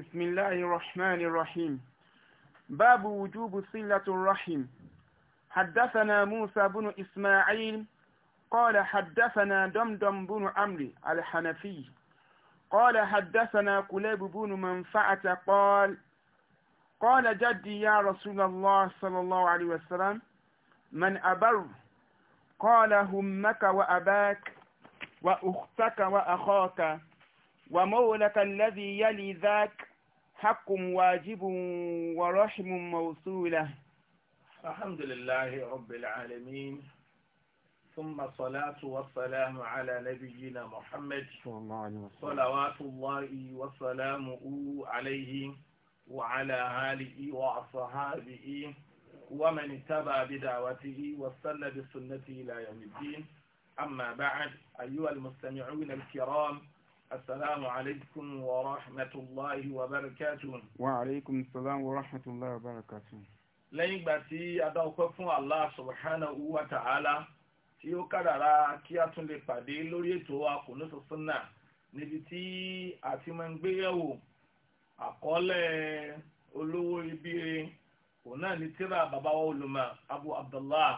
بسم الله الرحمن الرحيم باب وجوب صلة الرحم حدثنا موسى بن إسماعيل قال حدثنا دمدم بن عمري الحنفي قال حدثنا كليب بن منفعة قال قال جدي يا رسول الله صلى الله عليه وسلم من أبر قال همك وأباك وأختك وأخاك ومولك الذي يلي ذاك حق واجب ورحم موصولة الحمد لله رب العالمين ثم الصلاة والسلام على نبينا محمد صلوات الله وسلامه عليه وعلى آله وأصحابه ومن اتبع بدعوته وصلى بسنته إلى يوم الدين أما بعد أيها المستمعون الكرام السلام عليكم ورحمة الله وبركاته وعليكم السلام ورحمة الله وبركاته lẹ́yìn ìgbà tí a dá ọpẹ́ fún Allah subhanahu wa ta'ala tí ó kádàrá kí a tún lè pàdé lórí ètò Kunut Sunnah níbi tí a ti máa ń gbé yẹ̀wò àkọọ́lẹ̀ olówó ibire òun náà ní tíra bàbá wa olùmọ̀ Abu Abdullah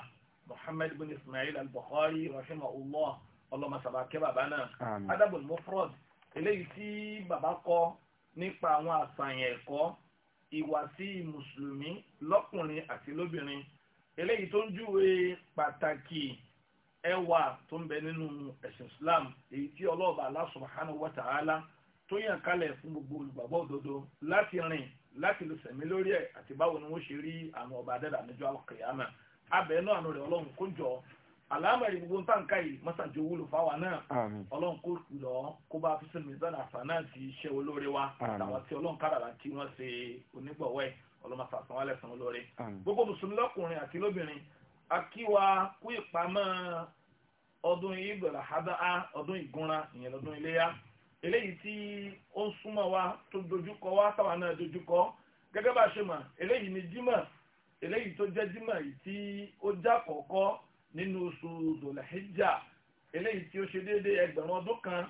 Muhammad bin Ismail al-Bukhari rahimahullah ọlọ́mọ sábà kẹ́ bàbá náà adabul mufrod eléyìí tí bàbá kọ nípa àwọn àṣàyàn ẹ̀kọ́ ìwàsí mùsùlùmí lọ́kùnrin àti lóbìnrin eléyìí tó ń júwe pàtàkì ẹwà tó ń bẹ nínú ẹ̀sìn Islam èyí tí ọlọ́ọ̀bà Allah subhanahu wa ta'ala tó yàn kalẹ̀ fún gbogbo olùgbàgbọ́ òdodo láti rìn láti lè sẹ̀mí lórí ẹ̀ àti báwo ni wọ́n ṣe rí àwọn ọba adẹ́dà níjọ́ àkèyàmà abẹ́ náà nù rẹ̀ ọlọ́run kó jọ alámọ̀rì gbogbo ń tàǹkà yìí mọ́sàájú wúlò fáwa náà ọlọ́run kò lọ kó bá fi sinmi zan àfààní àti iṣẹ́ olóore wa àtàwọn tí ọlọ́run kárara tí wọ́n ṣe onígbọ̀wọ́ ẹ̀ ọlọ́mọṣà san wálẹ̀ san gbogbo mùsùlùmí lọ́kùnrin àti lóbìnrin a kí wa kú ìpamọ́ ọdún ìgbẹ̀rẹ̀ àdá ọdún ìgúnra ìyẹn lọ́dún iléyà eléyìí tí ó ń súnmọ́ wa tó dojúkọ wa táwa náà dojúkọ gẹ́gẹ́ bá a ṣe mọ̀ eléyìí ni jímọ̀ eléyìí tó jẹ́ jímọ̀ yìí nínú oṣù zolahijja eléyìí tí ó ṣe déédéé ẹgbẹ̀rún ọdún kan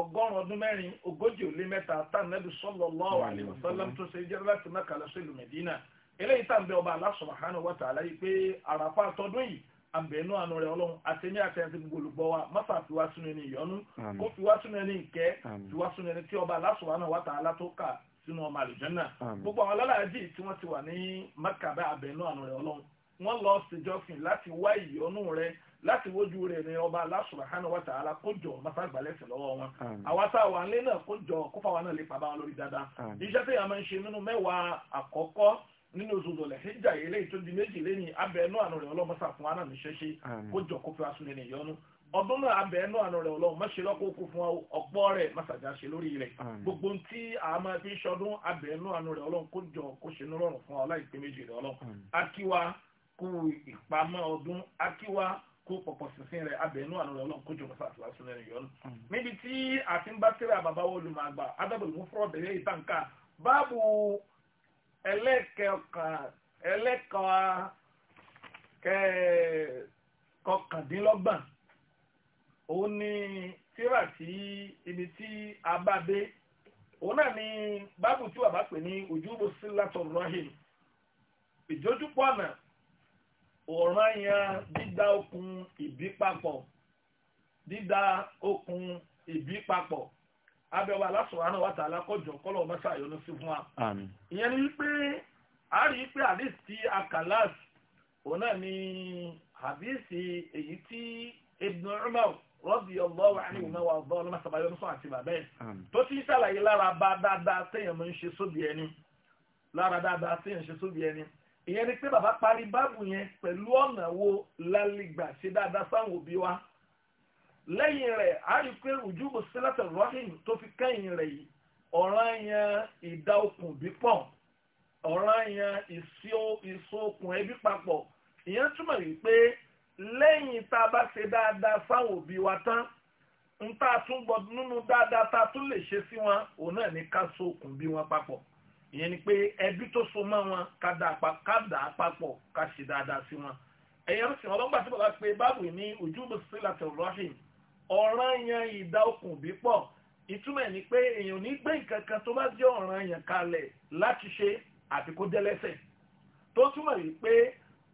ọgọ́rùn ọdún mẹ́rin ogójì ò lé mẹ́ta tánàbí sallallahu alaihi wasallam tó ṣe jẹ́rẹ́ láti Mẹ́kà lọ sí ìlú Mẹ́dínà eléyìí tá à ń bẹ ọba Allah subhanahu wa ta'ala yìí pé àràfà tọdún yìí àbẹ̀nú àánú rẹ̀ ọlọ́run àtẹ̀mí àtẹ̀sí gbogbo olùgbọ́ wa mọ́sà fi wá sínú ẹni ìyọnu kó fi wá sínú ẹni ìkẹ́ fi wá sínú ẹni tí ọba Allah subhanahu wa ta'ala tó kà sínú ọmọ àlùjànnà gbogbo àwọn tí wọ́n ti wà ní Mẹ́kà bá àbẹ̀nú àánú rẹ̀ ọlọ́run wọ́n lọ ṣèjọsìn láti wá ìyọ́nú rẹ láti wojú rẹ ní ọba Allah subhanahu wa ta'ala kó jọ masa gbalẹ̀sìn lọ́wọ́ wọn àwa tá a wà nílé náà kó jọ kó fáwọn náà lè pa báwọn lórí dáadáa iṣẹ́ tí a máa ń ṣe nínú mẹ́wàá àkọ́kọ́ nínú oṣù dọ̀lẹ̀ hijja eléyìí tó di méjì lẹ́yìn abẹ́ ẹnu àná rẹ̀ ọlọ́mọsà fún wa náà níṣẹ́ ṣe kó jọ kó fi wá sún ẹni ìyọnu ọdún náà kú ìpamọ́ ọdún akíwá kó pọ̀pọ̀ sísìn rẹ̀ abẹ́nú àná rẹ̀ ọlọ́run kójú ọ̀sán àti lásán rẹ̀ yọ̀ọ́nù. níbi tí a ti ń bá tẹ́lẹ̀ àbàbá wọlé máa gbà adábòlù fún fúrọ̀ bẹ̀rẹ̀ ìtànká báàbù ẹlẹ́kọ̀ọ́kàndínlọ́gbọ̀n òun ni tíra tí ibi tí a bá dé òun náà ni báàbù tí wàá bá pè ní ojúbọ sílátọ̀ rahim ìjójúpọ̀ náà ọ̀ranyàn dídá okùn ìbí papọ̀ dídá okùn ìbí papọ̀ abẹ́wò aláṣọ̀wárán wa tààlà kọjọ kọ́lọ̀ ọmọ ṣàyọ̀nù sí fún wa. ìyẹn ni wípé a rí i pé àdìsí ti akalas òun náà ni àdìsí èyí tí Ibn Umar radiyallahu anhu wa ọ̀dọ́ ọlọ́mọ sàbáyọ̀nù sọ àti bàbá ẹ̀ tó ti ń ṣàlàyé lára bá dáadáa téèyàn máa ń ṣe sóbì ẹni lára dáadáa téèyàn ṣe sóbì ẹni ìyẹn ni pé bàbá parí báàbù yẹn pẹ̀lú ọ̀nà wo lálẹ́gbà ṣe dáadáa sáwọn òbí wa lẹ́yìn rẹ̀ a rí pé ojú mo sílẹ̀tẹ̀ rọ́hìn tó fi kẹ́yìn rẹ̀ yìí ọ̀ràn yẹn ìdá okùn bí pọ̀ ọ̀ràn yẹn ìso okùn ẹbí papọ̀ ìyẹn túmọ̀ wípé lẹ́yìn tá a bá ṣe dáadáa sáwọn òbí wa tán ń tá a tún gbọdọ̀ nínú dáadáa tá a tún lè ṣe sí wọn òun náà ní ká so okùn bí wọn papọ̀ ìyẹn ni pé ẹbí tó so mọ́ wọn ká dà á papọ̀ ká ṣe dáadáa sí wọn ẹ̀yàn sì wọn lọ́gbà tí bàbá pé báàbù ní ojúbọ sílẹ̀ tẹ̀lọ́ṣìn ọ̀ràn yẹn ìdá okùn bí pọ̀ ìtumọ̀ ẹ̀ ni pé èèyàn ní gbé nǹkan kan tó bá jẹ́ ọ̀ràn yẹn kalẹ̀ láti ṣe àti kó jẹ́lẹ́sẹ̀ tó túmọ̀ yìí pé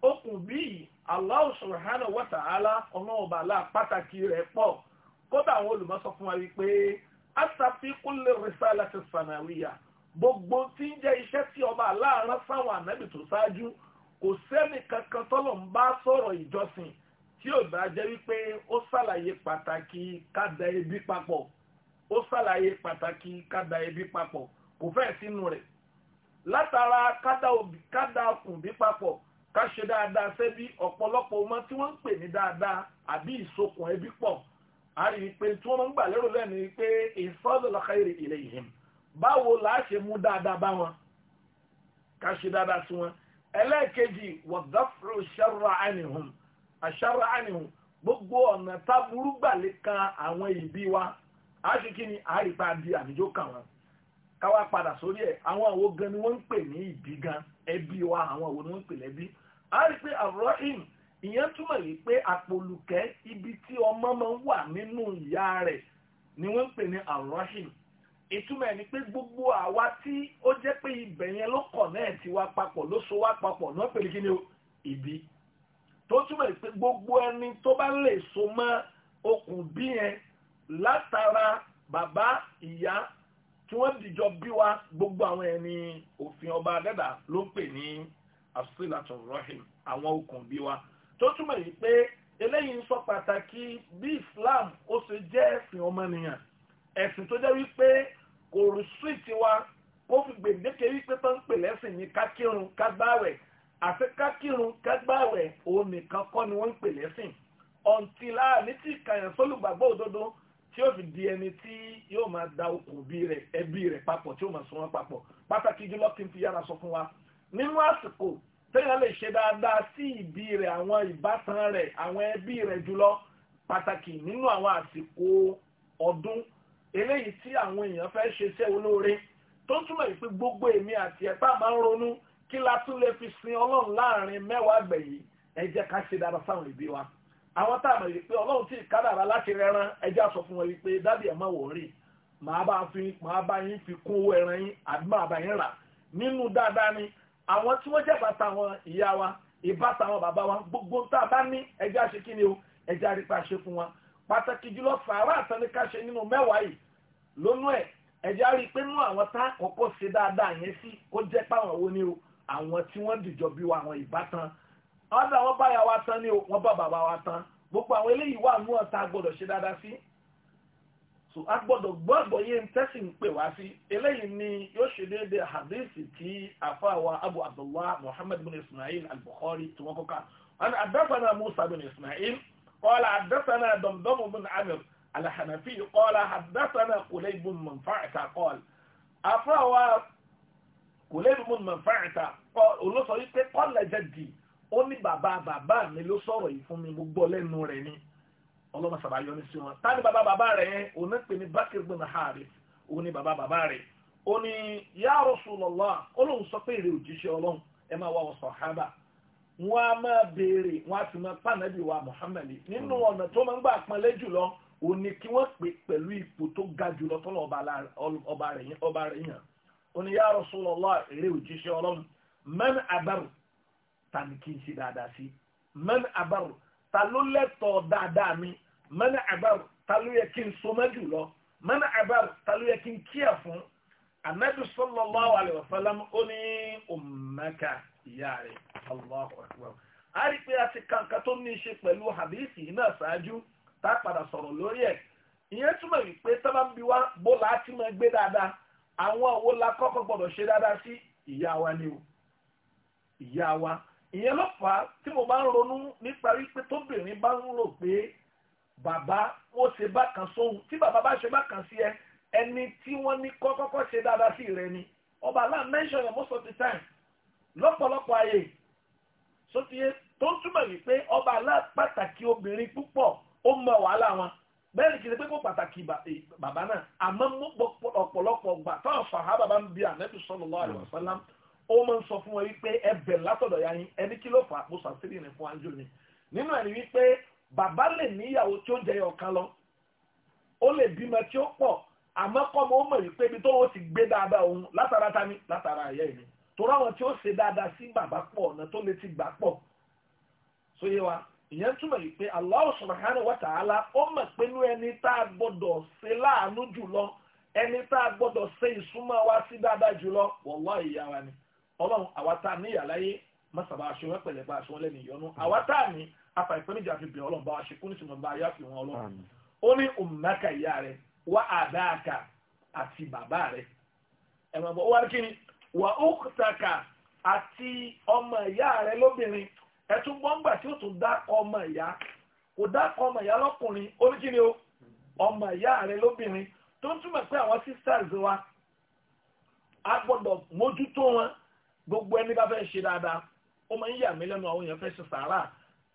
okùn bí Allah subhanahu wa ta'ala ọ̀nà ọba àlá pàtàkì rẹ̀ pọ̀ kódà àwọn olùmọ̀ sọ fún wa wípé asafi kulli risalati sanawiya gbogbo tí ń jẹ́ iṣẹ́ tí ọba aláàrán sáwọn ànábì tó ṣáájú kò sẹ́ni kankan tọ́lọ̀ ń bá sọ̀rọ̀ ìjọsìn tí ò bá jẹ́ wípé ó ṣàlàyé pàtàkì kádà salaye papọ̀ ó ebi pàtàkì kádà ẹbí papọ̀ kò fẹ́ sínú rẹ̀ látara kádà okùn bí papọ̀ ká ṣe dáadáa sẹ́bí ọ̀pọ̀lọpọ̀ ọmọ tí wọ́n ń pè ní dáadáa àbí ìsokùn ẹbí pọ̀ a pé tí wọ́n báwo la ṣe mú dáadáa bá wọn ká ṣe dáadáa sí wọn ẹlẹ́ẹ̀kejì wọ̀dáfúrò ṣẹ́rọ ànihùn àṣẹ́rọ ànihùn gbogbo ọ̀nà táburú gbàlẹ̀ kan àwọn ìbí wa a ṣe kí ni àrípa di àbíjó kàn wọn káwá padà sórí ẹ̀ àwọn àwo gan ni wọn ń pè ní ìbí gan ẹbí wa àwọn àwo ni wọn ń pè lẹ́bí a rí pé àrọ́ìm ìyẹn túmọ̀ yìí pé àpòlùkẹ́ ibi tí ọmọ máa ń wà nínú ìyá rẹ̀ ni wọ́n ń pè ní àrọ́ìm ìtumọ̀ ẹ̀ ni pé gbogbo àwa tí ó jẹ́ pé ibẹ̀ yẹn ló kọ̀ náà ti wá papọ̀ ló so wá papọ̀ náà pèlè kí ni o ìbí tó túmọ̀ pé gbogbo ẹni tó bá lè so mọ́ okùn bí yẹn látara bàbá ìyá tí wọ́n dìjọ bí wa gbogbo àwọn ẹni òfin ọba adẹ́dà ló ń pè ní asilatun rahim àwọn okùn bí wa tó túmọ̀ pé eléyìí ń sọ pàtàkì bí Islam ó ṣe jẹ́ ẹ̀sìn ọmọnìyàn ẹ̀sìn tó jẹ́ wípé kò rí síìtì wa kó fi gbèdéke wípé tó ń pè lẹ́sìn ní kákírun kágbáwẹ̀ àti kákírun kágbáwẹ̀ òun nìkan kọ́ ni wọ́n ń pè lẹ́sìn ọ̀ǹtí láàánú tí ìkàyàn sólùgbàgbọ́ òdodo tí yóò fi di ẹni tí yóò máa da okùn bí rẹ̀ ẹbí rẹ̀ papọ̀ tí yóò máa sún wọn papọ̀ pàtàkì jùlọ kí n fi yára sọ fún wa nínú àsìkò téèyàn lè ṣe dáadáa sí ìbí rẹ̀ àwọn ìbátan rẹ̀ àwọn ẹbí rẹ̀ jùlọ pàtàkì nínú àwọn àsìkò ọdún eléyìí tí àwọn èèyàn fẹ́ ṣe iṣẹ́ olóore tó túmọ̀ ìpè gbogbo èmi àti ẹ̀pá máa ń ronú kí la tún lè fi sin ọlọ́run láàrin mẹ́wàá gbẹ̀yìn ẹ jẹ́ ká ṣe dára sáwọn ìbí wa àwọn tá a mọ̀ wípé ọlọ́run tí kádàrá láti rẹran ẹ jẹ́ á sọ fún wọn wípé dábìá má wọ̀ọ́rì màá bá fi màá bá yín fi kún owó ẹran yín àbí màá bá yín rà nínú dáadáa ni àwọn tí wọ́n jẹ́ bàtà àwọn ìyá wa ìbátan àwọn bàbá wa gbogbo tá a bá ní ẹ jẹ́ ni o ẹ jẹ́ fún wa pàtàkì jùlọ sàárà àtẹnikáṣe nínú mẹ́wàá yìí lónú ẹ̀ ẹ̀jẹ̀ á rí i pé nú àwọn tá àkọ́kọ́ ṣe dáadáa yẹn sí kó jẹ́ páwọn wo ni o àwọn tí wọ́n dìjọ bí wa àwọn ìbátan ọ̀dà wọn báyà wa tán ni o wọ́n bá bàbá wa tán gbogbo àwọn eléyìí wà nú ọ̀tá gbọ́dọ̀ ṣe dáadáa sí so a gbọ́dọ̀ gbọ́dọ̀ yé ń tẹ́sí ń pè wá sí eléyìí ni yóò ṣe déédéé hadith tí àfàwà abu abdullah muhammad bin ismail al-bukhari tí wọ́n kọ́ka wọn àdásánà musa bin ismail kọ́lá àdásánà dọ̀mdọ́mù bin amir الحنفي قال حدثنا قليب بن منفعة قال أفروا قليب بن منفعة قال ولو قال جدي ó ní bàbá bàbá mi ló sọ̀rọ̀ yìí fún mi mo gbọ́ lẹ́nu rẹ̀ ni ọlọ́mọ sábà yọ ní sí wọn tá ní bàbá bàbá rẹ̀ yẹn òun náà pè ní Bakr ibn Harith òun ní bàbá bàbá rẹ̀ ó ní ya Rasulullah olóhùn sọ pé èrè òjíṣẹ́ ọlọ́run ẹ máa wá wọn sàhábà wọn a máa béèrè wọn a sì máa pàànàbí wa Muhammad nínú ọ̀nà tó máa ń gbà pọnlé jùlọ ò ní kí wọ́n pè pẹ̀lú ipò tó ga jùlọ tọ́lọ̀ ọba rẹ̀ yàn ó ní yá Rasulullah èrè òjíṣẹ́ ọlọ́run man abaru ta ni kí n ṣe dáadáa sí man abaru ta ló lẹ́tọ̀ọ́ dáadáa mi man abaru ta ló yẹ kí n so mọ́ jùlọ man abaru ta ló yẹ kí n kíyà fún anabi sallallahu alayhi wa sallam ó ní ummaka ìyá rẹ̀ allahu akbar a pé a ti kàǹkà tó ní í ṣe pẹ̀lú hadisi náà ṣáájú tá a padà sọ̀rọ̀ lórí ẹ̀ ìyẹn túmọ̀ wípé tó ń bi wá bó la ti gbé dáadáa àwọn òwò la kọ́kọ́ gbọ́dọ̀ ṣe dáadáa sí ìyá wa ni o ìyá wa ìyẹn ló fà á tí mo bá ń ronú nípa wípé tóbìnrin bá ń rò pé bàbá wọn ṣe bákan sóhun tí bàbá bá ṣe bákan sí ẹ ẹni tí wọ́n ní kọ́kọ́kọ́ ṣe dáadáa sí rẹ ni ọba aláà mention it most of the time lọ́pọ̀lọpọ̀ ayé sotiye tó ń túmọ̀ wípé ọba aláà pàtàkì obìnrin púpọ̀ ó mọ wàhálà wọn bẹ́ẹ̀ ni kìí pé kó pàtàkì eh, bàbá náà àmọ́ ọ̀pọ̀lọpọ̀ gbà táwọn sàhábà bá ń bi ànábì sallallahu alaihi wasallam ó máa ń sọ fún wọn wípé ẹ bẹ̀ látọ̀dọ̀ ya yín ẹni kí ló fà á kó sàtìrì ní fún anjú ni nínú ẹni wípé bàbá lè níyàwó tí ó jẹ ọ̀kan lọ ó lè bímọ tí ó pọ̀ àmọ́ kọ́mọ ó mọ̀ wípé ibi tó wọ́n ti gbé dáadáa òun ìyẹn túmọ̀ yìí pé Allah subhanahu wa ta'ala ó mọ̀ pé ní ẹni tá a gbọ́dọ̀ ṣe láàánú jùlọ ẹni tá a gbọ́dọ̀ ṣe ìsúnmọ́ wa sí dáadáa jùlọ wallahi ìyá wa ni ọlọ́run àwa tá a ní ìyàláyé mọ́sàbá aṣọ wọn pẹ̀lẹ́ bá aṣọ wọn lẹ́nu ìyọnu àwa tá a ní afa fi bẹ̀rẹ̀ ọlọ́run bá wa ṣe kú nítorí bá yá fi wọn ọlọ́run ó ní ummaka ìyá rẹ wá àdáàkà àti bàbá rẹ ẹ̀rọ ẹtún gbọ́ngbà tí ó tún dákọ ọmọ ìyá kò dákọ ọmọ ìyá lọ́kùnrin oríkìrì o ọmọ ìyá rẹ lóbìnrin tó ń túmọ̀ pé àwọn sisters wa a gbọ́dọ̀ mójútó wọn gbogbo ẹni bá fẹ́ ṣe dáadáa ó máa ń yà mí lẹ́nu àwọn èèyàn fẹ́ ṣe sàárà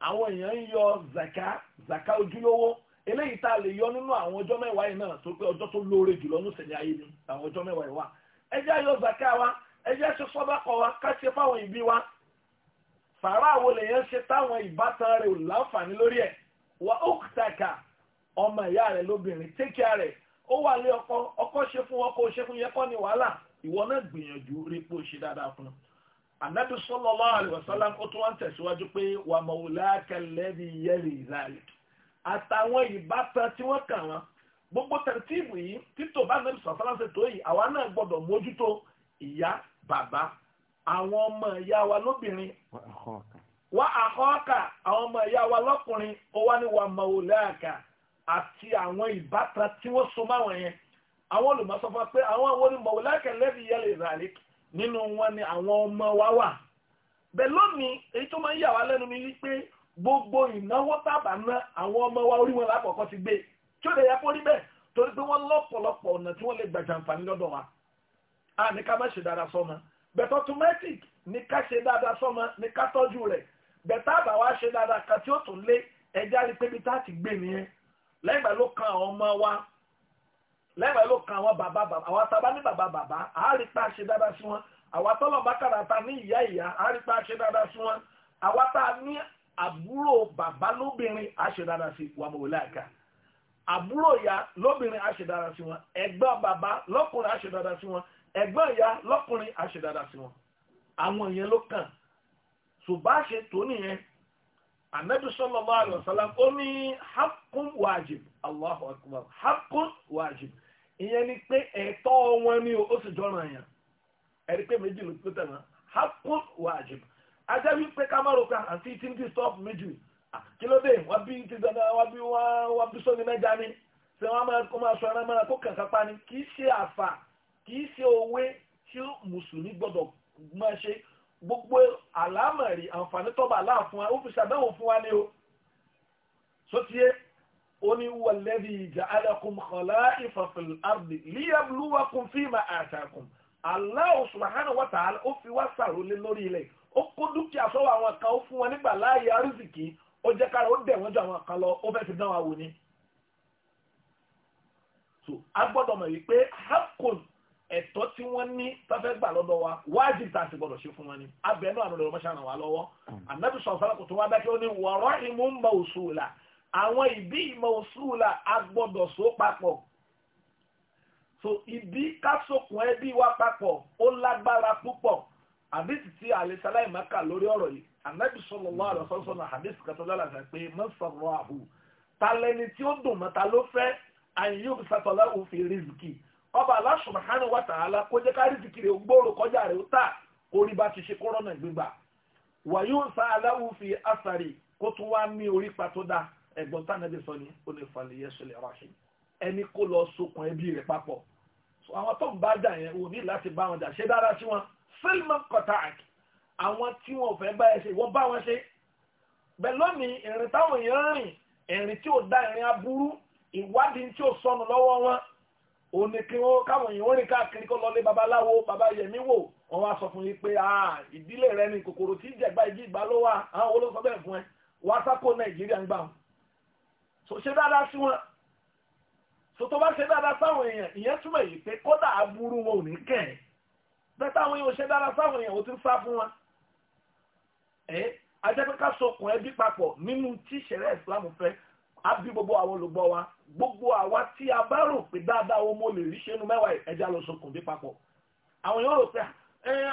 àwọn èèyàn ń yọ zaka zaka ojúlówó eléyìí tá a lè yọ nínú àwọn ọjọ́ mẹ́wàá yìí náà tó pé ọjọ́ tó lóore jùlọ ní sẹ̀lẹ̀ ayé ni àwọn ọjọ́ mẹ́wàá yìí wà ẹ jẹ́ a zaka wa ẹ jẹ́ ṣe sọ́dọ̀kọ̀ wa ká ṣe fáwọn ìbí wa sàárà wo lèyàn ṣe táwọn ìbátan rẹ̀ ò láǹfààní lórí ẹ̀ wà ókùtàkà ọmọ ìyá rẹ̀ lóbìnrin take care rẹ̀ ó wà lé ọkọ ọkọ ṣe fún ọkọ ṣe fún yẹn kọ́ ni wàhálà ìwọ náà gbìyànjú rí pé ó ṣe dáadáa fún un anabi sallallahu alaihi wasallam ó tún wá ń tẹ̀síwájú pé wà mawlaka alladhi yali zalik àtàwọn ìbátan tí wọ́n kàn wọ́n gbogbo tẹ̀rẹ̀tìbù yìí títò bá anabi sallallahu alaihi wasallam àwọn ọmọ ìyá wa lóbìnrin wá àkọ́ọ̀kà àwọn ọmọ ìyá wa lọ́kùnrin ó wá ní wà mọ̀ọ́lẹ́àkà àti àwọn ìbátan tí wọ́n so máwọn yẹn àwọn olùmọ̀sọ́fọ́ pé àwọn àwọn onímọ̀ọ́lẹ́àkà lẹ́bi yẹlẹ̀ ìràlẹ́ nínú wọn ni àwọn ọmọ wa wà bẹ́ẹ̀ lónìí èyí tó máa ń yà wá lẹ́nu mi wípé gbogbo ìnáwó tábà ná àwọn ọmọ wa orí wọn lákọ̀ọ́kọ́ ti gbé tí ó lè yẹ kó rí bẹ́ẹ̀ torí but automatic ní ká ṣe dáadáa sọ́mọ ní ká tọ́jú rẹ̀ but tá a bá wá ṣe dáadáa kan tí ó tún lé ẹja rí pé bí tá a ti gbé nìyẹn lẹ́yìn ìgbà ló kan àwọn ọmọ wa lẹ́yìn ìgbà ló kan àwọn bàbá bàbá àwọn tábà ní bàbá bàbá à á rí pa ṣe dáadáa sí wọn àwa tọ́lọ̀ bá ta ní ìyá ìyá à rí pa ṣe dáadáa sí wọn àwa tá ní àbúrò bàbá lóbìnrin à ṣe dáadáa sí wàmúwòlẹ́ àká àbúrò ìyá lóbìnrin àṣedára sí wọn ẹ̀gbọ́n bàbá lọ́kùnrin àṣedára sí wọn ẹ̀gbọ́n ìyá lọ́kùnrin àṣedàdà sí wọn àwọn yẹn ló kàn ṣùgbọ́n tó nìyẹn anabi sallallahu alaihi ó ní hakun wajib allahu akbar wajib ìyẹn ni pé ẹ̀tọ́ wọn ni ó sì jọrọ yẹn ẹ̀rí pé méjì ló pé hakun wajib ajá ah, àti tí ń ti stop méjì kí ló dé bí ti dandan bí bí ṣé kì í ṣe òwe tí mùsùlùmí gbọ́dọ̀ máa ṣe gbogbo àlámọ̀rí àǹfààní tọ́ba aláàfún wa ó fi ṣàdánwò fún wa ní o sotie ó ní wàlẹ́bí ja'alakum khala'ifa fil ardi liyabluwakum fima atakum Allahu subhanahu wa ta'ala ó fi wá sàrólé lórí ilẹ̀ ó kó dúkìá sọ́wọ́ àwọn kan ó fún wọn nígbà láàyè arúzìkì ó jẹ́ kára ó dẹ̀ wọ́n ju àwọn kan lọ ó fẹ́ fi dán wa wò ni. so a mọ̀ wípé hakun ẹ̀tọ́ tí wọ́n ní tọ́fẹ́ gbà lọ́dọ̀ wa wájib tá a sì gbọ́dọ̀ ṣe fún wọn ni abẹ́nú àrùn lọ́rọ̀ mọ́ṣáná wa lọ́wọ́ ànábì sọ̀rọ̀ sọ́lá kò tó wá dákẹ́ ó ní wọ̀rọ̀ ìmú mọ̀ọ́sùlà àwọn ìbí mọ̀ọ́sùlà a gbọ́dọ̀ so papọ̀ so ìbí ká sokùn ẹbí wa papọ̀ ó lágbára púpọ̀ àdìsí tí àlẹ́sàlá ìmáka lórí ọ̀rọ̀ yìí ànábì sallallahu alaihi wasallam àdìsí kan tó lálàfẹ́ pé mọ́sàrọ̀ àhù talẹ́ni tí ó dùn mọ́ta ló fẹ́ àyìn yóò fi sàtọ̀lá òfin rìzìkì ọba Allah subhanahu wa ta'ala kó jẹ́ ká rí zikiri gbòòrò kọjá rẹ̀ ó tà orí bá ti ṣe kọ́rọ́nà gbígbà wàyí ó sa aláwù fi àsàrì kó tún wá mí orí pa tó dá ẹ̀gbọ́n tá nàbí sọ ni ó ní falẹ̀ yẹ sọlẹ̀ rahim ẹni kó lọ sokùn ẹbí rẹ̀ papọ̀ àwọn tó ń bá jà yẹn ò ní láti bá wọn jà ṣe dára sí wọn fílmù kọtaak àwọn tí wọn fẹ́ bá ẹ ṣe wọ́n bá wọn ṣe bẹ́ẹ̀ lónìí ìrìn táwọn èèyàn rìn ìrìn tí ò da ìrìn aburú ìwádìí tí ò sọnù lọ́wọ́ wọn òun ni kí wọ́n káwọn èèyàn rìn káàkiri kó lọ babaláwo baba yẹmí wò wọ́n wá sọ fún yín pé ah, ìdílé rẹ ni kòkòrò tí ìjẹ̀gbá ìjì ìgbà ló wà àwọn olóòsọ bẹ́ẹ̀ fún ẹ wá sákò nàìjíríà ń gbà wọn. so ṣe dáadáa sí wọn so tó bá ṣe dáadáa sáwọn èèyàn ìyẹn túmọ̀ yìí pé kódà aburú wọn ò ní kẹ̀ ẹ́ bẹ́ẹ̀ táwọn èèyàn ṣe dáadáa sáwọn èèyàn ò ti ń sá fún wọn. ẹ ajẹ́ ká sokùn ẹbí papọ̀ nínú tíṣẹ̀rẹ́ ìsìlámù á bí gbogbo àwọn olùgbọ́ wa gbogbo àwa tí a bá rò pé dáadáa owó mo lè rí ṣẹ́nu mẹ́wàá ẹja lọ sọkùn dé papọ̀ àwọn yóò rò pé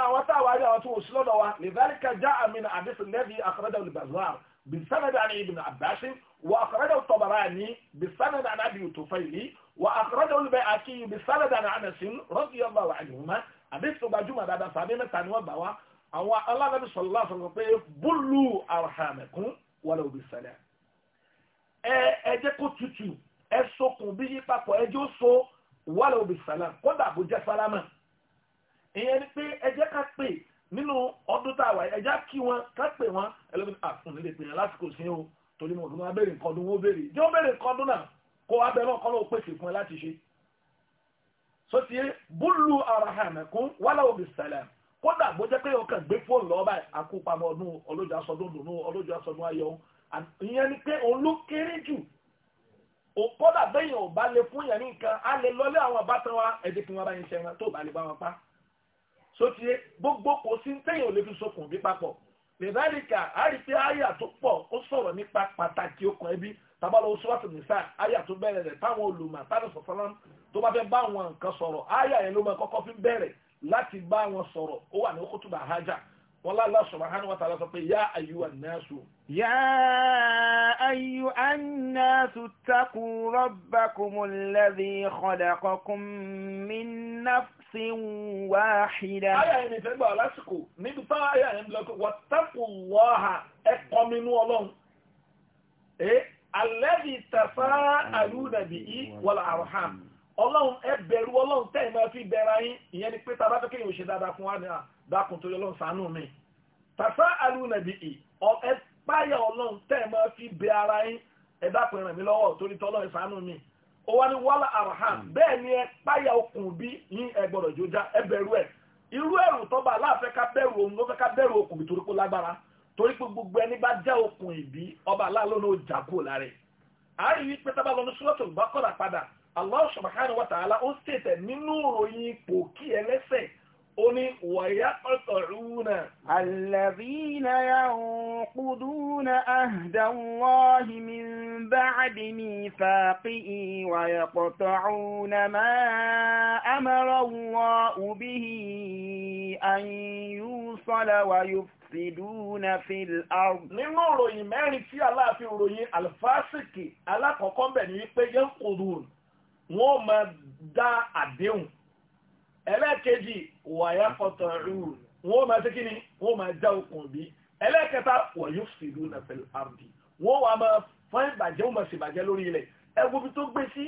àwọn tá a wá rí àwọn tó wò sí lọ́dọ̀ wa lidhalika ja'a min hadith alladhi akhrajahu al-Bazzar bisanad an ibn Abbas wa akhrajahu at-Tabarani bisanad an Abi Tufayl wa akhrajahu al-Bayhaqi bisanad an Anas radiyallahu anhuma ni wọ́n gbà wá àwọn alábẹ́bí ẹ ẹ jẹ́ kó tutù ẹ sokùn bí yí papọ̀ ẹ jẹ́ ó so wàlẹ̀ òbí sàlám kódà àbújá sálámà ìyẹn ni pé ẹ ká pè nínú ọdún tá a wà ẹ jẹ́ kí wọn ká pè wọn ẹlẹ́mìí àfún nílé pè yẹn lásìkò sí o torí mo dùn wọn abẹ́rẹ́ nǹkan ọdún wọn ó béèrè jẹ́ ó béèrè nǹkan ọdún náà kó abẹ́rẹ́ nǹkan náà ó pèsè fún ẹ láti ṣe sotie búlù arahamẹkún wàlẹ̀ òbí sàlám kódà àbújá pé ọkàn gbé fóònù lọ́ọ́ ìyẹn ni pé òun ló kéré jù kódà bẹ́yìn ò bá lè fún yẹn ní nǹkan á lè lọlé àwọn àbátan wa ẹ̀dẹ́ kí wọ́n bá yẹn ṣe ẹran tó bá lè bá wọn pa sotie gbogbo kò sí tẹ́yìn ò lè fi sokùn bí papọ̀ lẹ́dàríkà á rí pé àyà tó pọ̀ ó sọ̀rọ̀ nípa pàtàkì okùn ẹbí tàbá lọ sọ́wọ́ tó nìfà àyà tó bẹ̀rẹ̀ rẹ̀ táwọn olùmọ̀ táwọn sọ̀sọ́lám tó bá fẹ́ bá wọn nǹkan sọ̀rọ̀ àyà yẹn ló máa kọ́kọ́ fi bẹ̀rẹ̀ láti bá wọn sọ̀rọ̀ ó wà ní kútùbà hájà wọ́n lálá subhanahu wa ta'ala sọ pé yá ayyuha an-nasu. yá ayyuha an-nasu ttaqu rabbakumu alladhi khalaqakum min nafsin wahida. ayà yẹn nìfẹ́ gbà lásìkò níbi tá ayà yẹn lọ́kọ̀ wattaqullaha ẹ̀kọ́ mi nú ọlọ́run. ẹ alladhi tasa'aluna bihi wal arham ọlọ́run ẹ bẹ̀rù ọlọ́run tẹ́ ẹ̀ máa fi bẹ̀rẹ̀ ayín ìyẹn ni pé tá a bá ṣe dáadáa fún wa ni à dákun tó yọ lọ́n sànú mi tàfà alúnàbí ì ẹ páyà ọlọ́run tẹ́ ẹ máa fi bẹ ara yín ẹ dákun ràn mí lọ́wọ́ torí tọ́lọ́ ẹ sànú mi ó ní wàhálà arham hmm. bẹ́ẹ̀ ni ẹ páyà okùn bí yín ẹ gbọ́dọ̀ ẹ bẹ̀rù ẹ irú ẹ̀rù tọ́ba aláàfẹ́ ká bẹ̀rù òun ló fẹ́ ká bẹ̀rù okùn torí gbogbo ẹni bá okùn ìbí ọba aláàlọ́ ní ó ní wàyá ọ̀tọ̀rúnà. Àlàbínà yàrùn kúdúnà àdáwọ́hì mi bá àdì ní fàápí ìwàyà pọ̀tọ̀rúnà máa amẹ́rọ̀wọ́ òbí àyíyú sọ́lẹ̀wà yóò fìdúnà fìlárù. Nínú ìròyìn mẹ́rin tí aláàfin ìròyìn alfásìkì ẹlẹ́ẹ̀kejì wàyà kọ̀tọ̀ rúù wọ́n máa ṣe kíni wọ́n máa já okùn bí ẹlẹ́ẹ̀kẹta wọ̀nyí fìlú nàfẹ̀lú àbí wọ́n wà máa fún ìbàjẹ́ wọ́n máa ṣèbàjẹ́ lórí ilẹ̀ ẹgbẹ́ bí tó gbé sí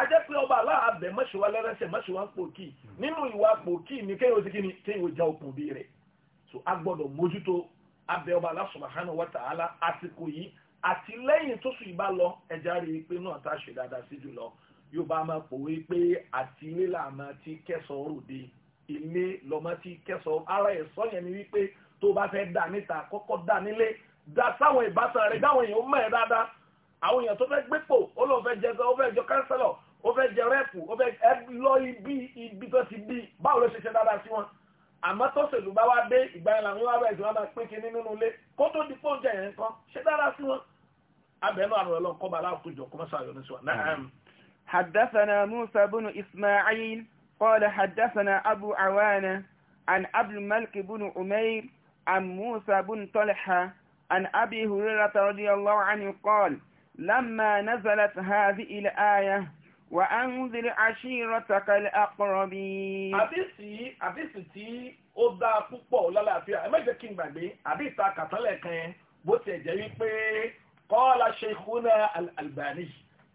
ajẹ́ pé ọba aláàbẹ̀ mọ́ṣíwá lẹ́rẹ́sẹ̀ mọ́ṣíwá pòkì nínú ìwà pòkì ní kéèyàn ṣe kíni kéèyàn já okùn bí rẹ̀ so a gbọ́dọ̀ mójútó abẹ́ ọba Allah subhanahu wa ta'ala àsìkò yìí àti tó sùn ìbá lọ ẹja rí pé náà tá a ṣe dáadáa sí jùlọ yóò bá máa pòwe pé àti ilé làmà tí kẹsàn-án ròde ilé lọ́mọ tí kẹsàn-án ara ẹ̀sọ́ yẹn ni wípé tó bá fẹ́ dà níta kọ́kọ́ dà nílé dá sáwọn ìbátan rẹ̀ dáwọn èèyàn mọ̀ ẹ́ dáadáa àwọn èèyàn tó fẹ́ gbépò ó lóun fẹ́ jẹ gan ó fẹ́ jọ kánsẹ́lọ̀ ó fẹ́ jẹ rẹ́ẹ̀pù ó fẹ́ lọ ibi ibi tó ti bí báwo ló ṣe ṣe dáadáa sí wọn àmọ́ tó ṣèlú bá wá dé ìgbà yẹn làwọn yóò wá bẹ̀rẹ̀ sí wọn máa pín kinní nínú ilé kó tó di fóúnjẹ yẹn kan ṣe dáadáa sí wọn abẹ́nú àrùn ọlọ́run kọ́ bá aláwọ̀ tó jọ kó náà. حدثنا موسى بن إسماعيل قال حدثنا أبو عوانة عن عبد الملك بن عمير عن موسى بن طلحة عن أبي هريرة رضي الله عنه قال لما نزلت هذه الآية وأنزل عشيرتك الأقربين àbísí àbísí tí ó dáa púpọ̀ lálàáfíà ẹ má jẹ́ kí n gbàgbé àbí ìta قال شيخنا الألباني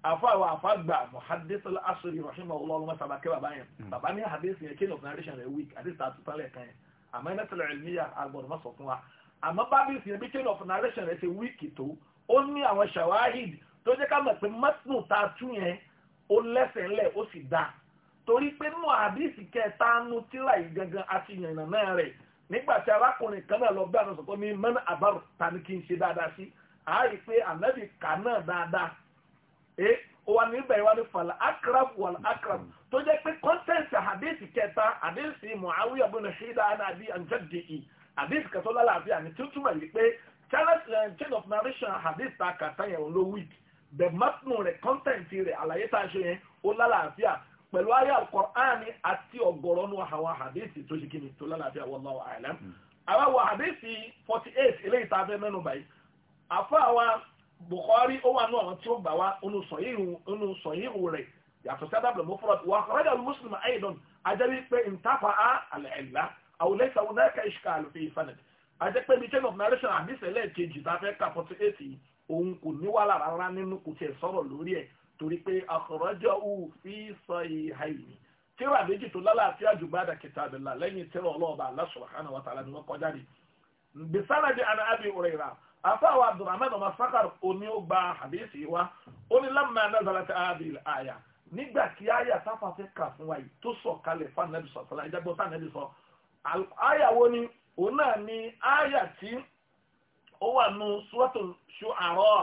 àfáàwọ̀ àfáàgbà muhaddis al-asiri rahimahullah ọlọ́mọ sàbàkẹ́ bàbá yẹn hmm. bàbá ní hadith yẹn kéèyàn fún adéṣàn rẹ̀ wík àdéṣà àtúntàlẹ̀ kan yẹn àmọ́ iná tẹ̀lé ìlmíyà agbọ̀dọ̀ mọ́sọ̀ fún wa àmọ́ bábíyìí yẹn bí kéèyàn fún adéṣàn rẹ̀ ṣe wík tó ó ní àwọn shawahid tó jẹ́ ká mọ̀ pé mọ́sùn ta tún yẹn ó lẹ́sẹ̀ ńlẹ̀ ó sì da torí pé nínú àdéṣì kẹta nu tíra yìí gangan àti yànnà náà rẹ̀ nígbà tí arákùnrin kan náà lọ bá àwọn sọ̀tọ́ ní mẹ́rin àbárò tani kí n ṣe dáadáa sí àárí pé ànábì kà náà ẹ eh, wà níbẹ̀ wà ní fàlà akrab wà akrab tó jẹ́ pé kọ́ńtẹ́ǹsì àdéhìsì kẹta àdéhìsì muawiya ibn hida anabi anjadi'i àdéhìsì kẹta ọlọ́lá àbí àní tó túmọ̀ yìí pé eh, chain of narration àdéhìsì ta kàtà yẹn ló wíìk bẹ̀ mọ́tìmù rẹ̀ kọ́ńtẹ́ǹsì rẹ̀ àlàyé tá a ṣe yẹn ó lálà àbí à pẹ̀lú ayé alukọ̀ránì àti ọ̀gọ̀rọ̀ nu àwọn àdéhìsì tó ṣe kíni tó lálà àbí wallahu a'lam Bukhari ó wà ní àwọn tí ó gbà wá onú sọ̀yìn rẹ̀ yàtọ̀ sí adábìlẹ̀ mufrad wà kọ́rẹ́dà muslim aidan ajẹ́bí pé ntafa á àlẹ́ẹ̀lá àwòlẹ́ ìsàwọn náà ìṣkà àlùfẹ́ ìfanẹ̀t ajẹ́ pé ní chain of narration àbísẹ̀lẹ̀ kejì tá a fẹ́ kà forty eight òun kò ní wàhálà rárá nínú kò tiẹ̀ sọ̀rọ̀ lórí ẹ̀ torí pé àkọ́rọ́jọ́ ò fi sọ ìhà ìní tíra méjì tó lálàáfíà jù bá dàkítà àbẹ̀là lẹ́yìn tíra ọlọ́ọ̀bà Allah subhanahu wa ta'ala ni wọ́n kọjá ni bisára di àná àbí òrìrà afáwọ abdulrahman ọmọ sakar oní ó gba hadisi wa ó ní lamma nazalat adil àyà nígbà tí àyà sáfà fẹ́ kà fún wa yìí tó sọ kalẹ̀ fún anabi sọ sọlá ìjágbọ́n fún anabi sọ àyà wo ni òun náà ni àyà tí ó wà nù suratu shu'ara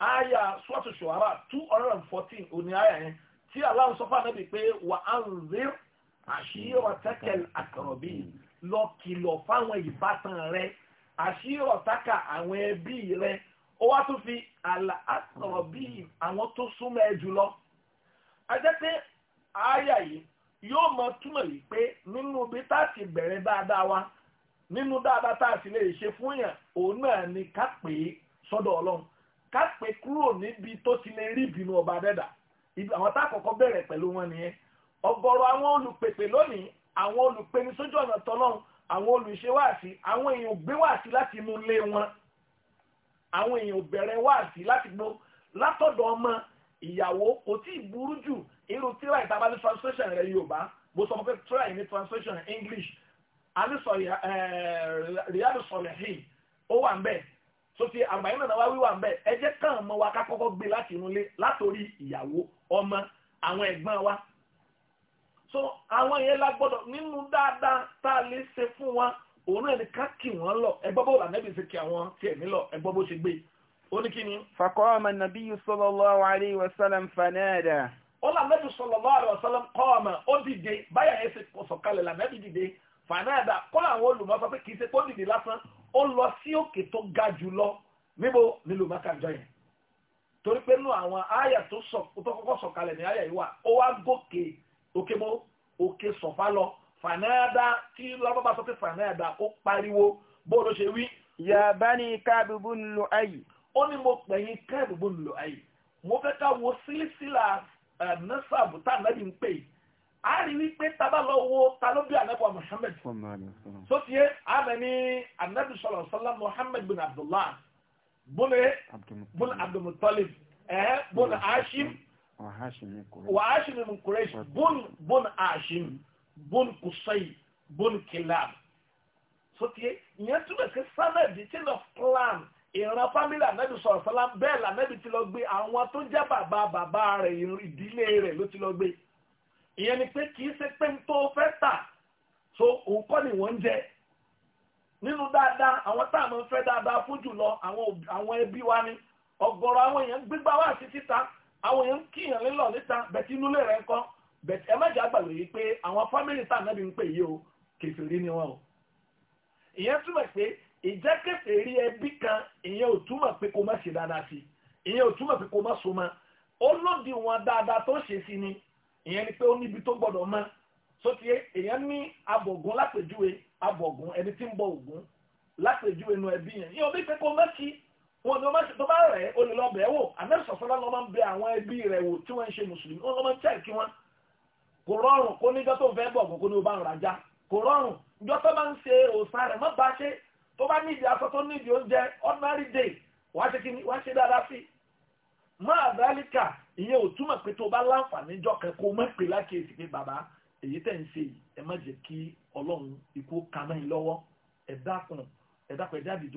àyà suratu shu'ara two hundred and fourteen òní àyà yẹn tí Allah sọ fún anabi pé wa anzir àṣírí ọ̀tẹ́kẹ̀l àkọ̀rọ̀bí lọ kìlọ̀ fáwọn ìbátan rẹ̀ àṣírọ̀sákà àwọn ẹbí rẹ ó wá tún fi àlàásọ̀rọ̀ bí àwọn tó súnmọ́ ẹ jùlọ. a jẹ́ pé àáyà yìí yóò mọ túmọ̀ yìí pé nínú ibi tá a ti bẹ̀rẹ̀ dáadáa wa nínú dáadáa tá a sì lè ṣe fún yàn òun náà ni ká pè é sọ́dọ̀ ọlọ́run ká pè kúrò níbi tó ti lè rí ìbínú ọba dẹ́dà àwọn tá a kọ́kọ́ bẹ̀rẹ̀ pẹ̀lú wọn nìyẹn ọ̀gọ̀rọ̀ àwọn olùpèpè lónìí àwọn olùpènisójú ọ̀nà tọ́lọ́run àwọn olùṣe wáàsí àwọn èèyàn gbé wáàsí láti inú ilé wọn àwọn èèyàn bẹ̀rẹ̀ wáàsí láti gbó látọ̀dọ̀ ọmọ ìyàwó kò tí ì burú jù irú tíra ìtaba ní translation rẹ Yorùbá mo sọ pé tíra yìí translation English anisọ eh, Riyadu Salihin ó wà ń bẹ̀ sọtí àgbáyé náà wá wíwà ń bẹ̀ ẹ jẹ́ kàn mọ́ wa ká kọ́kọ́ gbé láti inú ilé látòrí ìyàwó ọmọ àwọn ẹ̀gbọ́n wa so àwọn yẹn la gbọ́dọ̀ nínú dáadáa tá a lè ṣe fún wa òun náà ni ká kì wọ́n lọ ẹgbọ́ bó la nẹ́bí ṣe kí àwọn tiẹ̀ mí lọ ẹgbọ́ bó ṣe gbé ó ní kí ni. faqama nabiyyu sallallahu alayhi wa sallam fanada. ó là nẹ́bí sallallahu alayhi wa sallam qama ó dìde báyà yẹn ṣe sọ̀kalẹ̀ là nẹ́bí dìde fanada kó làwọn olùmọ̀sọ pé kì í ṣe kó dìde lásán ó lọ sí òkè tó ga jù lọ níbo nílùú mákàjọ yẹn torí pé nínú àwọn àyà tó kọ́kọ́ sọ̀kalẹ̀ ní àyà yìí wà ó wá gòkè òkè mọ́ òkè sọ̀fà lọ fànáàdà kí lọ́bàbà sọ pé fànáàdà ó pariwo bó ló ṣe wí. ya bani Ka'b ibn Lu'ay. ó ní mo pẹ̀yìn Ka'b ibn Lu'ay mo fẹ́ ká wo sílísílà nẹ́sàbù tá ànábì ń pè á rí wípé tábà lọ wo ta ló bí ànábì Muhammad sọ́tìyẹ àmẹ́ ní ànábì sallallahu alaihi wasallam Muhammad bin Abdullah bọ́lẹ̀ bọ́lẹ̀ Abdulmutalib Muttalib ẹ̀ẹ́ bọ́lẹ̀ Hashim. وهاشم من bun bun بن bun بن bun kilab كلاب sotie ìyẹn túbọ̀ sí sanadi tí lọ plan ìran family anabi sọ̀rọ̀ sọ́lám bẹ́ẹ̀ lànàbì ti lọ gbé àwọn tó jẹ́ bàbá bàbá rẹ̀ ìdílé rẹ̀ ló ti lọ gbé ìyẹn ni pé kì í ṣe pé tó fẹ́ tà so òun kọ́ ni wọ́n ń jẹ nínú dáadáa àwọn tá à ń fẹ́ dáadáa fún jùlọ àwọn ẹbí wa ni ọ̀gọ̀rọ̀ àwọn èèyàn gbígbá wá sí títa àwọn èèyàn kíyàn lílọ níta bẹ̀tí inú lè rẹ̀ ń kọ́ bẹ̀tí ẹ má jẹ́ àgbàgbé yìí pé àwọn fámìlì tá ànábì ń pè yìí o kèfèrí ni wọn o. ìyẹn túmọ̀ pé ìjẹ́ kèfèrí ẹbí kan ìyẹn ò túmọ̀ pé kó má ṣe dáadáa sí ìyẹn ò túmọ̀ pé kó má so mọ́ ó lòdì wọn dáadáa tó ṣe sí ni ìyẹn ni pé ó níbi tó gbọ́dọ̀ mọ́ sóti èèyàn ní abọ̀gún lápèjúwe abọ̀gún ẹni tí ń bọ ògún lápèjúwe nu ẹbí yẹn ìyẹn ò bí pé kó má ṣe rẹ̀ ó lè lọ bẹ̀ẹ́ wò anẹ́sọ̀sọ́lá lọ́ máa ń bẹ àwọn ẹbí rẹ̀ wò tí wọ́n ń ṣe mùsùlùmí ó lọ́ máa ń chẹ́ẹ̀kì wọn kò rọrùn kó níjọ́ tó fẹ́ bọ̀ kó ní o bá ń rajà kò rọrùn níjọ́ tó bá ń ṣe òòsàn rẹ̀ má bá ṣe tó bá nídìí aṣọ tó nídìí oúnjẹ ordinary day wàá ṣe kíni wàá ṣe dáadáa sí i máa dálíkà ìyẹn ò túmọ̀ pé tó bá láǹfààní jọ kan kó má pè lákèésì pé bàbá èyí tẹ̀ ń ṣe yìí ẹ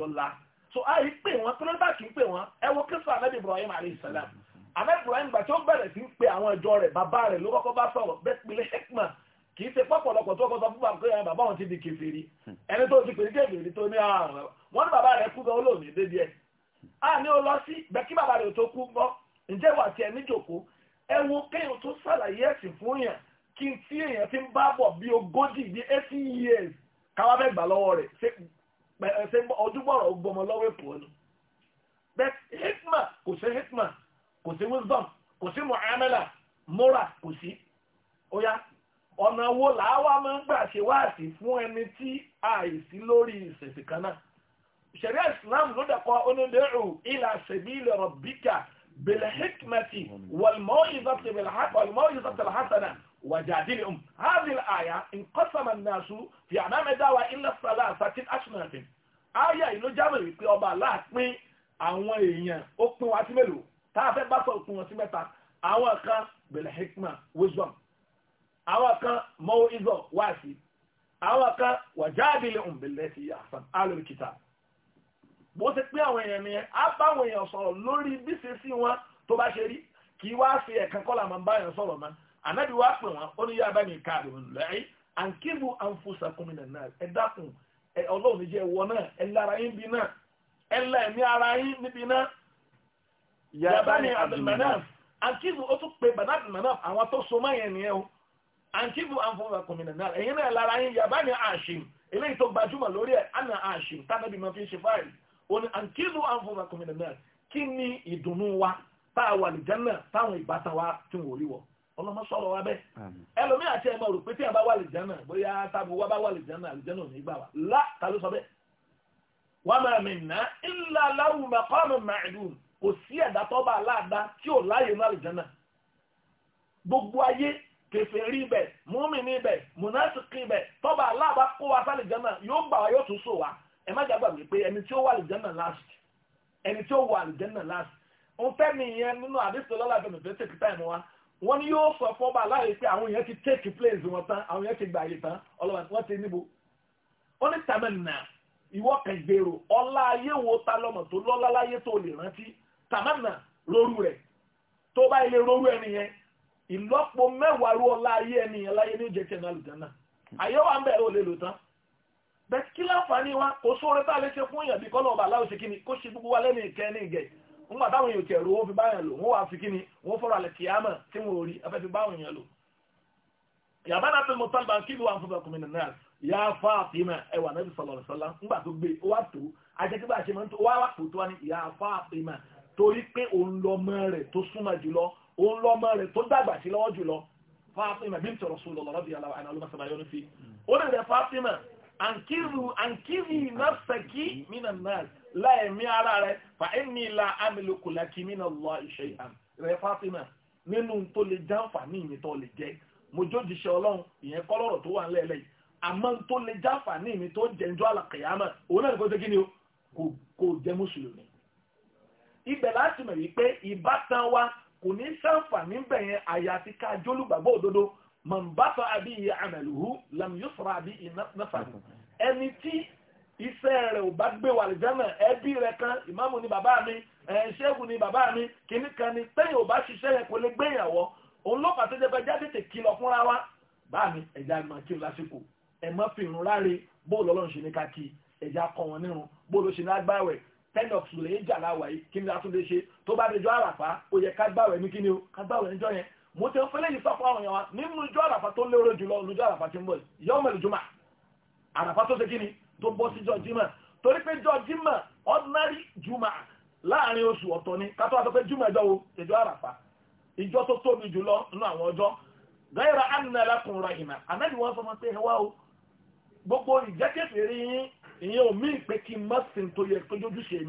má la so a yìí pè wọ́n tọ́lọ́ bá kì í pè wọ́n ẹ wo kírísítọ̀ anabi ibrahim aleyhisselam anabi ibrahim gbà tí ó bẹ̀rẹ̀ sí pé àwọn ìjọ rẹ̀ bàbá rẹ̀ ló kọ́kọ́ bá sọ̀rọ̀ bẹ́ẹ̀ pèlè hekima kì í ṣe pọ́pọ̀lọpọ̀ tó kọ́ sọ fún ah, bàbá yẹn bàbá wọn ti di kèfèrí ẹni tó ti pèsè kèfèrí tó ní ààrẹ ah, wọn ní bàbá rẹ̀ kú gan olóòní débi ẹ̀ a ní o lọ sí bẹ́ẹ̀ kí bàbá rẹ̀ tó kú gbọ́ ǹjẹ́ wà tiẹ̀ níjòkó ẹ wo kéèyàn tó sàlàyé ẹ̀sìn fún yàn kí n tí èèyàn ti ń bá bọ̀ bí ogójì bí eighty years káwá fẹ́ gbà lọ́wọ́ rẹ̀ ṣe ọdúnbọ̀rọ̀ gbọmọ lọ́wọ́ èpò ẹnu bẹ́ẹ̀ hikma kò sí hikma kò sí wisdom kò sí mu'amala mora kò sí óyá ọ̀nà wo làwa máa ń gbà ṣe wáàsí fún ẹni tí àìsí lórí ìṣẹ̀sì kan náà ṣẹ̀ríà islam ló dẹ̀kọ́ onídẹ̀rù ila sabili rabbika bil hikmati wal maw'izati hasana وجادلهم هذه الآية انقسم الناس في أمام دعوة إلا الثلاثة أصناف آية ìlú jábọ̀ wípé ọba Allah pín àwọn èèyàn ó pín wá sí mélòó tá a fẹ́ bá sọ òpin wọn sí mẹ́ta àwọn kan bẹ̀rẹ̀ hikma wisdom àwọn kan mọ́wó ìzọ̀ wáàsí àwọn kan wajadilhum billati ahsan ahlul kitab bó ṣe pé àwọn èèyàn nìyẹn á bá àwọn èèyàn sọ̀rọ̀ lórí bí ṣe sí wọn tó bá ṣe rí kì í wá fi ẹ̀kan kọ́là máa bá èèyàn sọ̀rọ̀ máa ànábì wá pè wọ́n ó ní yá abá mi ká àdùnnú lẹ́yìn ànkébù ànfọ́sà kọ́mínà náà ẹ dákun ẹ ọlọ́run jẹ́ ẹ̀wọ́ náà ẹ lára yín bí náà ẹ lá ara yín níbi náà yá abá mi Abdul Manaf ànkébù ó tún pè bàbá Abdul Manaf àwọn tó so máa yẹn nìyẹn o ànkébù ànfọ́sà kọ́mínà náà ẹ̀yin náà lára yín yá abá mi Hashim eléyìí tó gbajúmọ̀ lórí ẹ̀ ana Hashim tánàbí máa fi ń ṣe fáìlì òní ànkébù ànfọ́sà kọ́mínà náà kí ni ìdùnnú wa táwa àlùjánnà táwọn ìbátan wa ti wò ọlọ́mọ sọ̀rọ̀ wa bẹ́ẹ̀ ẹlòmí àti ẹ̀ máa rò pé tí a bá wà lìjánà bóyá tábù wa bá wà lìjánà lìjánà ò ní gbà wá lá ta ló sọ bẹ́ẹ̀ wa ma minna illa lahu maqamun ma'dud kò sí ẹ̀dá tó bá aláàdá tí ò láàyè ní àlìjánà gbogbo ayé kèfèrí bẹ̀ múmìnì bẹ̀ mùnásìkì bẹ̀ tó bá aláàbá kó wa sá lìjánà yóò gbà wá yóò tún sò wá ẹ má gbàgbé pé ẹni tí ó wà lìjánà last ẹni tí wọ́n ní yóò sọ fọ́ba láàyè pé àwọn ya ti take place wọn tán àwọn èèyàn ti gbà yìí tán ọlọ́wà wọ́n ti níbo wọ́n ní tàmánà ìwọ kẹgbèrò ọlá ayé wo ta lọ́mọ tó lọ́lá láyé tó lè rántí tàmánà lóru rẹ̀ tó bá ilé ìlọ́po mẹ́wàá ru ọlá ayé láyé ní ayé wa ń bẹ̀rẹ̀ ò lè lò tán bẹ́ẹ̀ kí láǹfààní wa kò sóore tá a lè ṣe fún nígbà táwọn èèyàn tẹ̀rù wọn fi báyàn lò wọn wà fi kíni wọn fọ̀rọ̀ àlẹ́ kìámà tí wọn ò rí afẹ́ fi báwọn èèyàn lò. yàrá náà fi mọ̀tàlùbà kí ni wàá fún ọkùnrin nínú náà yà á fà fìmà ẹwà nàbì sọlọ̀rọ̀ sọlá nígbà tó gbé wà tó ajẹ́kígbà ṣe máa ń tó wà wà tó tó wà ní yà á fà fìmà torí pé òun lọmọ rẹ̀ tó súnmọ́ jùlọ òun lọmọ rẹ̀ tó dàgbà sí lọ́wọ́ ankiru ankiri nafsaki mina nas la emi ara rẹ fa emi la amiliku laki mina lọ iṣẹ ìhàn rẹ fatima nínú tó lè já nfààní mi tó lè jẹ mojójìṣẹ Ọlọ́run ìyẹn kọlọrọ tó wà nílẹ̀ yìí àmọ́ tó lè já nfààní mi tó jẹ njọ alàkìyàmà òun náà kò tẹ kí ni o kò kò jẹ mùsùlùmí ibẹ̀ láti mọ̀ wípé ìbátan wa kò ní sànfààní bẹyẹn àyàfi ká jólùgbàgbọ́ òdodo man bafa bihi amaluhu lam yusra bihi nafahu ẹni tí iṣẹ́ rẹ̀ ò bá gbé wà lìjánà ẹbí rẹ̀ kan ìmáàmù ni bàbá mi ṣẹ́gun ni bàbá mi kìíní kan ni tẹ́yìn ò bá ṣiṣẹ́ rẹ̀ kò lè gbéyàwó òun ló pàṣẹ jẹ́pẹ́ jáde tè kìlọ̀ fúnra wa bá mi ẹ̀já máa kí lásìkò ẹ̀ mọ́ fi irun láre bóòlù ọlọ́run ṣe ní ká kí ẹ̀já kọ́ wọn nírun bóòlù ṣe ní agbáwẹ̀ ten of sùlẹ̀ ìjà láwàá yìí kí ni a tún lè ṣe tó bá dejọ́ àràpá ó yẹ ká gbáwẹ̀ ní kíni o ká gbáwẹ̀ níjọ́ yẹn mo ti ń fẹ́lẹ́ yìí àwọn èèyàn wa nínú ìjọ àràfà tó lérò jùlọ olùjọ àràfà tí ń bọ̀ ìyá ọmọ ìjọba àràfà tó ṣe kí ni tó bọ́ sí jọ jímọ̀ torí pé jọ ordinary jùmọ̀ láàrin oṣù ọ̀tọ̀ ni ká tó wá sọ pé jùmọ̀ ẹjọ́ wo ìjọ àràfà ìjọ tó tóbi jùlọ nínú àwọn ọjọ́ gẹ́rà ánìlákùn rahima anábì wọn sọ pé ẹ wá o gbogbo ìjẹ́kẹ̀fẹ̀rí yín ìyẹn ò mí pé kí mọ́sìn tó yẹ tó jójú ṣe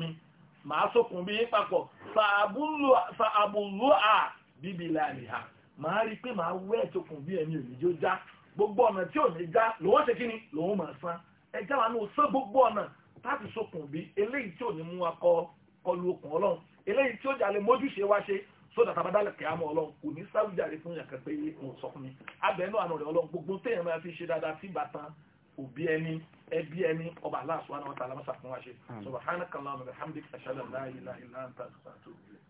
bíbí láàrin ha màá rí i pé màá wẹ́ ẹ̀tọ́kùn bí ẹni ò ní jó já gbogbo ọ̀nà tí ò ní já lòun ṣe kíni lòun máa san ẹja wa ní o sán gbogbo ọ̀nà láti sokùn bí eléyìí tí ò ní mú wa kọ kọlu okùn ọlọ́run eléyìí tí ó jà lè mójúṣe wa ṣe sódà tabadálẹ̀ kẹ́ àmọ́ ọlọ́run kò ní sáwùjáde fún yàtọ̀ pé mo sọ fún mi abẹ́nú àná rẹ̀ ọlọ́run gbogbo téèyàn máa fi ṣe dáadáa sí ìbátan òbí ẹni ẹbí ẹni ọba aláàṣọ àwọn ọ̀tá alámọ́sà fún wa ṣe subhanakallahumma wa bihamdika ashhadu an la ilaha illa anta astaghfiruka